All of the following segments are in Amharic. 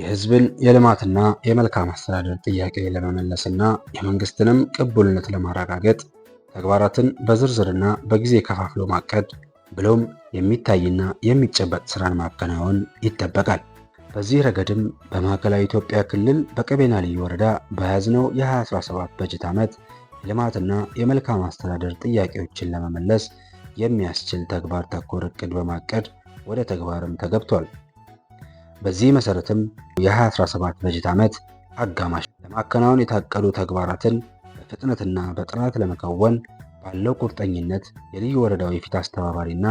የህዝብን የልማትና የመልካም አስተዳደር ጥያቄ ለመመለስና የመንግስትንም ቅቡልነት ለማረጋገጥ ተግባራትን በዝርዝርና በጊዜ ከፋፍሎ ማቀድ ብሎም የሚታይና የሚጨበጥ ስራን ማከናወን ይጠበቃል። በዚህ ረገድም በማዕከላዊ ኢትዮጵያ ክልል በቀቤና ልዩ ወረዳ በያዝነው የ2017 በጀት ዓመት የልማትና የመልካም አስተዳደር ጥያቄዎችን ለመመለስ የሚያስችል ተግባር ተኮር እቅድ በማቀድ ወደ ተግባርም ተገብቷል። በዚህ መሰረትም የ2017 በጀት ዓመት አጋማሽ ለማከናወን የታቀዱ ተግባራትን በፍጥነትና በጥራት ለመከወን ባለው ቁርጠኝነት የልዩ ወረዳው የፊት አስተባባሪና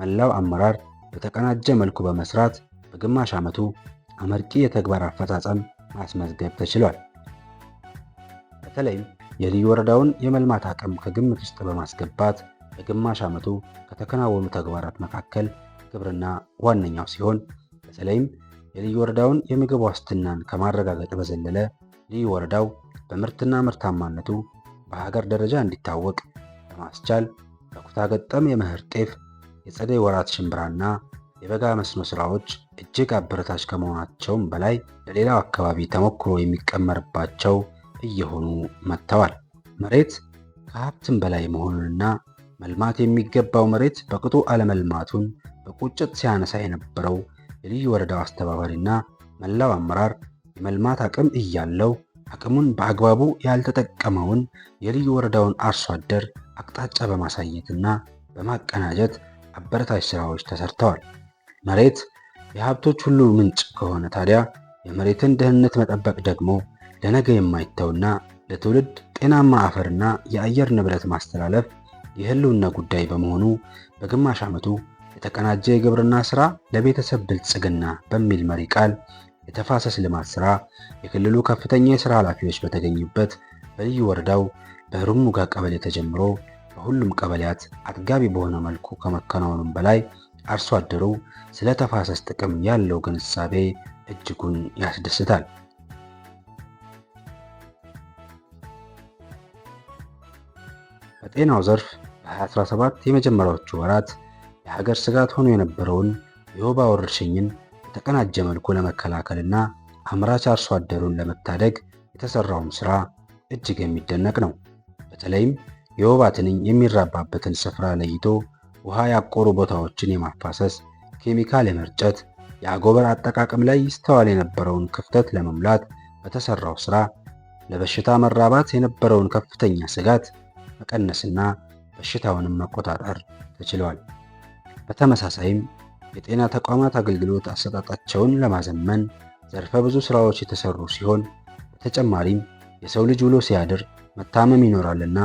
መላው አመራር በተቀናጀ መልኩ በመስራት በግማሽ ዓመቱ አመርቂ የተግባር አፈጻጸም ማስመዝገብ ተችሏል። በተለይም የልዩ ወረዳውን የመልማት አቅም ከግምት ውስጥ በማስገባት በግማሽ ዓመቱ ከተከናወኑ ተግባራት መካከል ግብርና ዋነኛው ሲሆን በተለይም የልዩ ወረዳውን የምግብ ዋስትናን ከማረጋገጥ በዘለለ ልዩ ወረዳው በምርትና ምርታማነቱ በሀገር ደረጃ እንዲታወቅ ለማስቻል በኩታ ገጠም የመኸር ጤፍ፣ የጸደይ ወራት ሽምብራና የበጋ መስኖ ስራዎች እጅግ አበረታች ከመሆናቸውም በላይ ለሌላው አካባቢ ተሞክሮ የሚቀመርባቸው እየሆኑ መጥተዋል። መሬት ከሀብትም በላይ መሆኑንና መልማት የሚገባው መሬት በቅጡ አለመልማቱን በቁጭት ሲያነሳ የነበረው የልዩ ወረዳው አስተባባሪና መላው አመራር የመልማት አቅም እያለው አቅሙን በአግባቡ ያልተጠቀመውን የልዩ ወረዳውን አርሶ አደር አቅጣጫ በማሳየትና በማቀናጀት አበረታች ስራዎች ተሰርተዋል። መሬት የሀብቶች ሁሉ ምንጭ ከሆነ ታዲያ የመሬትን ደህንነት መጠበቅ ደግሞ ለነገ የማይተውና ለትውልድ ጤናማ አፈርና የአየር ንብረት ማስተላለፍ የህልውና ጉዳይ በመሆኑ በግማሽ ዓመቱ የተቀናጀ የግብርና ስራ ለቤተሰብ ብልጽግና በሚል መሪ ቃል የተፋሰስ ልማት ስራ የክልሉ ከፍተኛ የስራ ኃላፊዎች በተገኙበት በልዩ ወረዳው በሩሙጋ ቀበሌ ተጀምሮ በሁሉም ቀበሌያት አጥጋቢ በሆነ መልኩ ከመከናወኑም በላይ አርሶ አደሩ ስለ ተፋሰስ ጥቅም ያለው ግንዛቤ እጅጉን ያስደስታል። በጤናው ዘርፍ በ2017 የመጀመሪያዎቹ ወራት የሀገር ስጋት ሆኖ የነበረውን የወባ ወረርሽኝን በተቀናጀ መልኩ ለመከላከልና አምራች አርሶ አደሩን ለመታደግ የተሰራውም ስራ እጅግ የሚደነቅ ነው። በተለይም የወባ ትንኝ የሚራባበትን ስፍራ ለይቶ ውሃ ያቆሩ ቦታዎችን የማፋሰስ ኬሚካል የመርጨት የአጎበር አጠቃቀም ላይ ይስተዋል የነበረውን ክፍተት ለመሙላት በተሰራው ስራ ለበሽታ መራባት የነበረውን ከፍተኛ ስጋት መቀነስና በሽታውንም መቆጣጠር ተችሏል። በተመሳሳይም የጤና ተቋማት አገልግሎት አሰጣጣቸውን ለማዘመን ዘርፈ ብዙ ስራዎች የተሰሩ ሲሆን በተጨማሪም የሰው ልጅ ውሎ ሲያድር መታመም ይኖራልና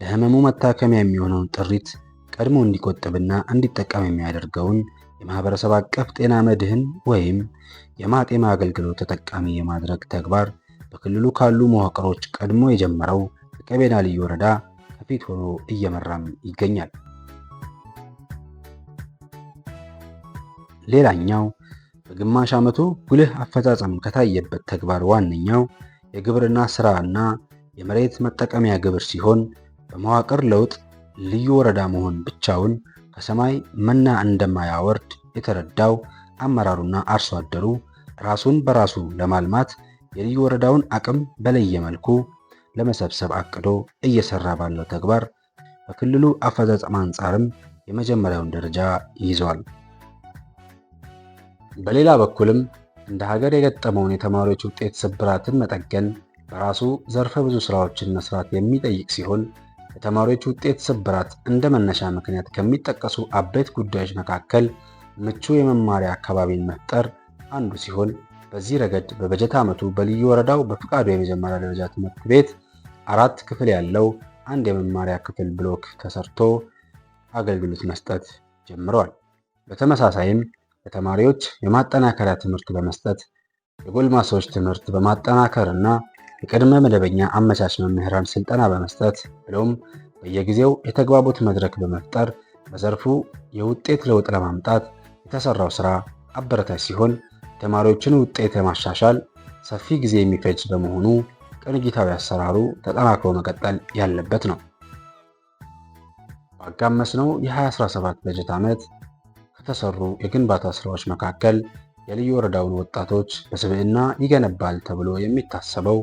ለህመሙ መታከሚያ የሚሆነውን ጥሪት ቀድሞ እንዲቆጥብና እንዲጠቀም የሚያደርገውን የማህበረሰብ አቀፍ ጤና መድህን ወይም የማጤማ አገልግሎት ተጠቃሚ የማድረግ ተግባር በክልሉ ካሉ መዋቅሮች ቀድሞ የጀመረው የቀቤና ልዩ ወረዳ ከፊት ሆኖ እየመራም ይገኛል። ሌላኛው በግማሽ ዓመቱ ጉልህ አፈጻጸም ከታየበት ተግባር ዋነኛው የግብርና ስራ እና የመሬት መጠቀሚያ ግብር ሲሆን በመዋቅር ለውጥ ልዩ ወረዳ መሆን ብቻውን ከሰማይ መና እንደማያወርድ የተረዳው አመራሩና አርሶ አደሩ ራሱን በራሱ ለማልማት የልዩ ወረዳውን አቅም በለየ መልኩ ለመሰብሰብ አቅዶ እየሰራ ባለው ተግባር በክልሉ አፈጻጸም አንጻርም የመጀመሪያውን ደረጃ ይዟል። በሌላ በኩልም እንደ ሀገር የገጠመውን የተማሪዎች ውጤት ስብራትን መጠገን በራሱ ዘርፈ ብዙ ስራዎችን መስራት የሚጠይቅ ሲሆን የተማሪዎች ውጤት ስብራት እንደ መነሻ ምክንያት ከሚጠቀሱ አበይት ጉዳዮች መካከል ምቹ የመማሪያ አካባቢን መፍጠር አንዱ ሲሆን በዚህ ረገድ በበጀት ዓመቱ በልዩ ወረዳው በፍቃዱ የመጀመሪያ ደረጃ ትምህርት ቤት አራት ክፍል ያለው አንድ የመማሪያ ክፍል ብሎክ ተሰርቶ አገልግሎት መስጠት ጀምረዋል። በተመሳሳይም ለተማሪዎች የማጠናከሪያ ትምህርት በመስጠት የጎልማሶች ትምህርት በማጠናከር እና የቅድመ መደበኛ አመቻች መምህራን ስልጠና በመስጠት ብሎም በየጊዜው የተግባቦት መድረክ በመፍጠር በዘርፉ የውጤት ለውጥ ለማምጣት የተሰራው ስራ አበረታች ሲሆን የተማሪዎችን ውጤት ለማሻሻል ሰፊ ጊዜ የሚፈጅ በመሆኑ ቅንጅታዊ አሰራሩ ተጠናክሮ መቀጠል ያለበት ነው። ባጋመስነው የ2017 በጀት ዓመት ከተሰሩ የግንባታ ስራዎች መካከል የልዩ ወረዳውን ወጣቶች በስብዕና ይገነባል ተብሎ የሚታሰበው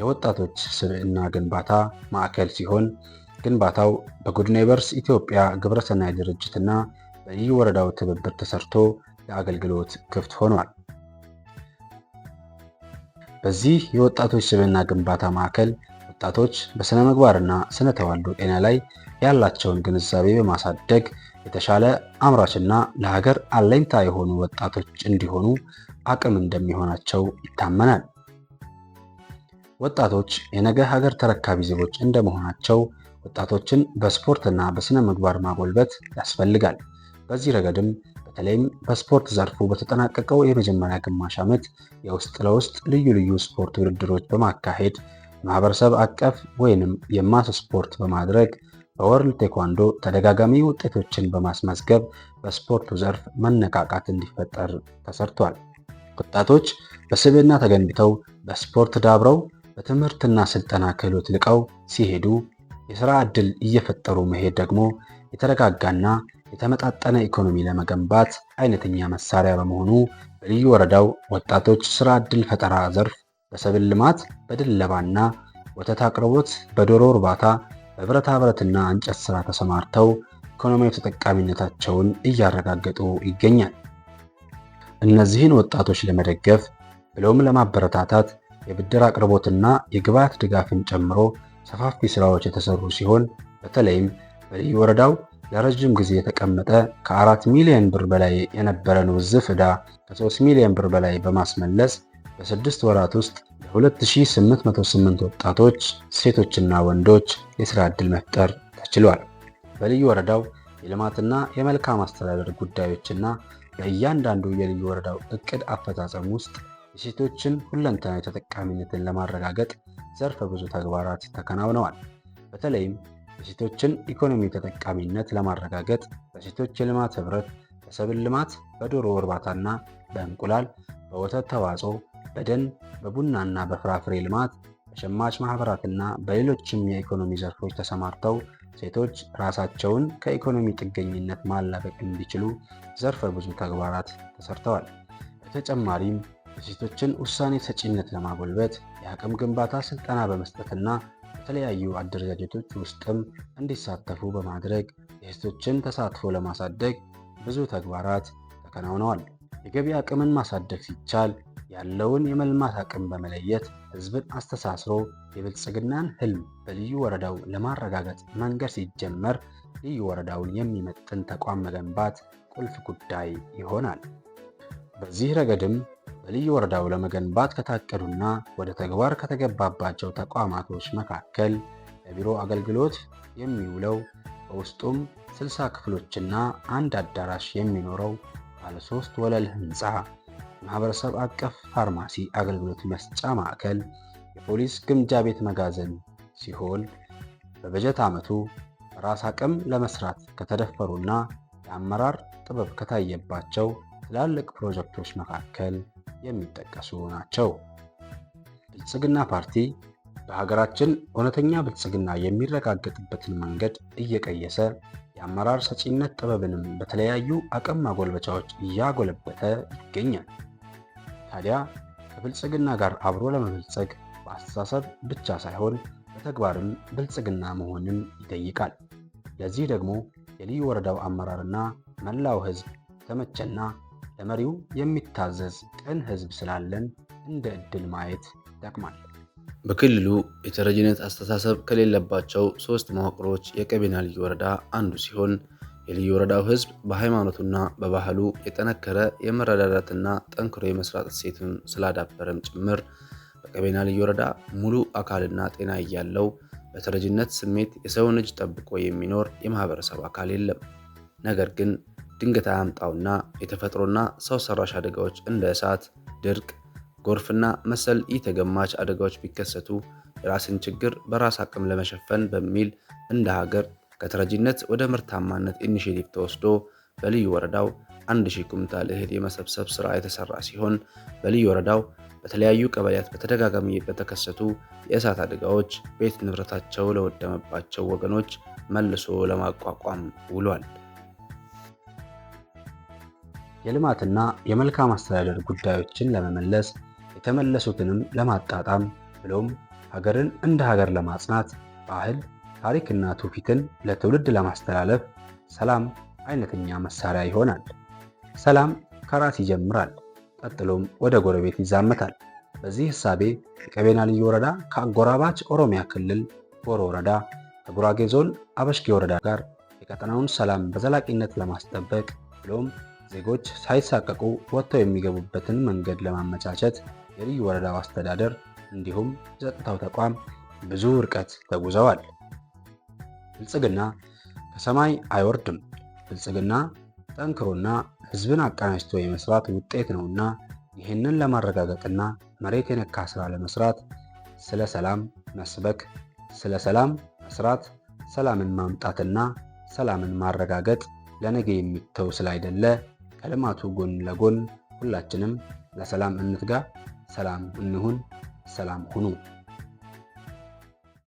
የወጣቶች ስብዕና ግንባታ ማዕከል ሲሆን ግንባታው በጉድ ኔይበርስ ኢትዮጵያ ግብረሰናይ ድርጅትና በልዩ ወረዳው ትብብር ተሰርቶ ለአገልግሎት ክፍት ሆኗል። በዚህ የወጣቶች ስብዕና ግንባታ ማዕከል ወጣቶች በሥነ ምግባርና ሥነ ተዋልዶ ጤና ላይ ያላቸውን ግንዛቤ በማሳደግ የተሻለ አምራችና ለሀገር አለኝታ የሆኑ ወጣቶች እንዲሆኑ አቅም እንደሚሆናቸው ይታመናል። ወጣቶች የነገ ሀገር ተረካቢ ዜጎች እንደመሆናቸው ወጣቶችን በስፖርትና በሥነ ምግባር ማጎልበት ያስፈልጋል። በዚህ ረገድም በተለይም በስፖርት ዘርፉ በተጠናቀቀው የመጀመሪያ ግማሽ ዓመት የውስጥ ለውስጥ ልዩ ልዩ ስፖርት ውድድሮች በማካሄድ ማህበረሰብ አቀፍ ወይንም የማስ ስፖርት በማድረግ በወርልድ ቴኳንዶ ተደጋጋሚ ውጤቶችን በማስመዝገብ በስፖርቱ ዘርፍ መነቃቃት እንዲፈጠር ተሰርቷል። ወጣቶች በስብዕና ተገንብተው በስፖርት ዳብረው በትምህርትና ስልጠና ክህሎት ልቀው ሲሄዱ የሥራ ዕድል እየፈጠሩ መሄድ ደግሞ የተረጋጋና የተመጣጠነ ኢኮኖሚ ለመገንባት አይነተኛ መሳሪያ በመሆኑ በልዩ ወረዳው ወጣቶች ሥራ ዕድል ፈጠራ ዘርፍ በሰብል ልማት፣ በድለባና ወተት አቅርቦት፣ በዶሮ እርባታ፣ በብረታ ብረትና እንጨት ስራ ተሰማርተው ኢኮኖሚያዊ ተጠቃሚነታቸውን እያረጋገጡ ይገኛል። እነዚህን ወጣቶች ለመደገፍ ብለውም ለማበረታታት የብድር አቅርቦትና የግብዓት ድጋፍን ጨምሮ ሰፋፊ ስራዎች የተሰሩ ሲሆን በተለይም በልዩ ወረዳው ለረዥም ጊዜ የተቀመጠ ከአራት ሚሊዮን ብር በላይ የነበረን ውዝፍ ዕዳ ከሶስት ሚሊዮን ብር በላይ በማስመለስ በስድስት ወራት ውስጥ ለ2808 ወጣቶች ሴቶችና ወንዶች የሥራ ዕድል መፍጠር ተችሏል። በልዩ ወረዳው የልማትና የመልካም አስተዳደር ጉዳዮችና በእያንዳንዱ የልዩ ወረዳው እቅድ አፈጻጸም ውስጥ የሴቶችን ሁለንተናዊ ተጠቃሚነትን ለማረጋገጥ ዘርፈ ብዙ ተግባራት ተከናውነዋል። በተለይም የሴቶችን ኢኮኖሚ ተጠቃሚነት ለማረጋገጥ በሴቶች የልማት ህብረት በሰብል ልማት፣ በዶሮ እርባታና በእንቁላል፣ በወተት ተዋጽኦ በደን በቡናና በፍራፍሬ ልማት በሸማች ማህበራትና በሌሎችም የኢኮኖሚ ዘርፎች ተሰማርተው ሴቶች ራሳቸውን ከኢኮኖሚ ጥገኝነት ማላቀቅ እንዲችሉ ዘርፈ ብዙ ተግባራት ተሰርተዋል። በተጨማሪም የሴቶችን ውሳኔ ሰጪነት ለማጎልበት የአቅም ግንባታ ስልጠና በመስጠትና በተለያዩ አደረጃጀቶች ውስጥም እንዲሳተፉ በማድረግ የሴቶችን ተሳትፎ ለማሳደግ ብዙ ተግባራት ተከናውነዋል። የገቢ አቅምን ማሳደግ ሲቻል ያለውን የመልማት አቅም በመለየት ህዝብን አስተሳስሮ የብልጽግናን ህልም በልዩ ወረዳው ለማረጋገጥ መንገድ ሲጀመር ልዩ ወረዳውን የሚመጥን ተቋም መገንባት ቁልፍ ጉዳይ ይሆናል። በዚህ ረገድም በልዩ ወረዳው ለመገንባት ከታቀዱና ወደ ተግባር ከተገባባቸው ተቋማቶች መካከል ለቢሮ አገልግሎት የሚውለው በውስጡም 60 ክፍሎችና አንድ አዳራሽ የሚኖረው ባለሶስት ወለል ህንፃ ማህበረሰብ አቀፍ ፋርማሲ አገልግሎት መስጫ ማዕከል የፖሊስ ግምጃ ቤት መጋዘን ሲሆን በበጀት ዓመቱ ራስ አቅም ለመስራት ከተደፈሩና የአመራር ጥበብ ከታየባቸው ትላልቅ ፕሮጀክቶች መካከል የሚጠቀሱ ናቸው። ብልጽግና ፓርቲ በሀገራችን እውነተኛ ብልጽግና የሚረጋገጥበትን መንገድ እየቀየሰ የአመራር ሰጪነት ጥበብንም በተለያዩ አቅም ማጎልበቻዎች እያጎለበተ ይገኛል። ታዲያ ከብልጽግና ጋር አብሮ ለመበልጸግ በአስተሳሰብ ብቻ ሳይሆን በተግባርም ብልጽግና መሆንን ይጠይቃል። ለዚህ ደግሞ የልዩ ወረዳው አመራርና መላው ሕዝብ ተመቸና ለመሪው የሚታዘዝ ቅን ህዝብ ስላለን እንደ ዕድል ማየት ይጠቅማል። በክልሉ የተረጅነት አስተሳሰብ ከሌለባቸው ሶስት መዋቅሮች የቀቤና ልዩ ወረዳ አንዱ ሲሆን የልዩ ወረዳው ህዝብ በሃይማኖቱና በባህሉ የጠነከረ የመረዳዳትና ጠንክሮ የመስራት እሴትን ስላዳበረም ጭምር በቀቤና ልዩ ወረዳ ሙሉ አካልና ጤና እያለው በተረጅነት ስሜት የሰውን እጅ ጠብቆ የሚኖር የማህበረሰብ አካል የለም። ነገር ግን ድንገት አያምጣውና የተፈጥሮና ሰው ሰራሽ አደጋዎች እንደ እሳት፣ ድርቅ፣ ጎርፍና መሰል ኢተገማች አደጋዎች ቢከሰቱ የራስን ችግር በራስ አቅም ለመሸፈን በሚል እንደ ሀገር ከተረጂነት ወደ ምርታማነት ኢኒሽቲቭ ተወስዶ በልዩ ወረዳው አንድ ሺህ ኩንታል እህል የመሰብሰብ ስራ የተሰራ ሲሆን በልዩ ወረዳው በተለያዩ ቀበሌያት በተደጋጋሚ በተከሰቱ የእሳት አደጋዎች ቤት ንብረታቸው ለወደመባቸው ወገኖች መልሶ ለማቋቋም ውሏል። የልማትና የመልካም አስተዳደር ጉዳዮችን ለመመለስ የተመለሱትንም ለማጣጣም ብሎም ሀገርን እንደ ሀገር ለማጽናት ባህል ታሪክና ትውፊትን ለትውልድ ለማስተላለፍ ሰላም አይነተኛ መሳሪያ ይሆናል። ሰላም ከራስ ይጀምራል፣ ቀጥሎም ወደ ጎረቤት ይዛመታል። በዚህ ሕሳቤ የቀቤና ልዩ ወረዳ ከአጎራባች ኦሮሚያ ክልል ጎሮ ወረዳ፣ ከጉራጌ ዞን አበሽጌ ወረዳ ጋር የቀጠናውን ሰላም በዘላቂነት ለማስጠበቅ ብሎም ዜጎች ሳይሳቀቁ ወጥተው የሚገቡበትን መንገድ ለማመቻቸት የልዩ ወረዳው አስተዳደር እንዲሁም የጸጥታው ተቋም ብዙ ርቀት ተጉዘዋል። ብልጽግና ከሰማይ አይወርድም። ብልጽግና ጠንክሮና ህዝብን አቀናጅቶ የመስራት ውጤት ነውና ይህንን ለማረጋገጥና መሬት የነካ ስራ ለመስራት ስለ ሰላም መስበክ፣ ስለ ሰላም መስራት፣ ሰላምን ማምጣትና ሰላምን ማረጋገጥ ለነገ የሚተው ስላይደለ ከልማቱ ጎን ለጎን ሁላችንም ለሰላም እንትጋ፣ ሰላም እንሁን፣ ሰላም ሁኑ።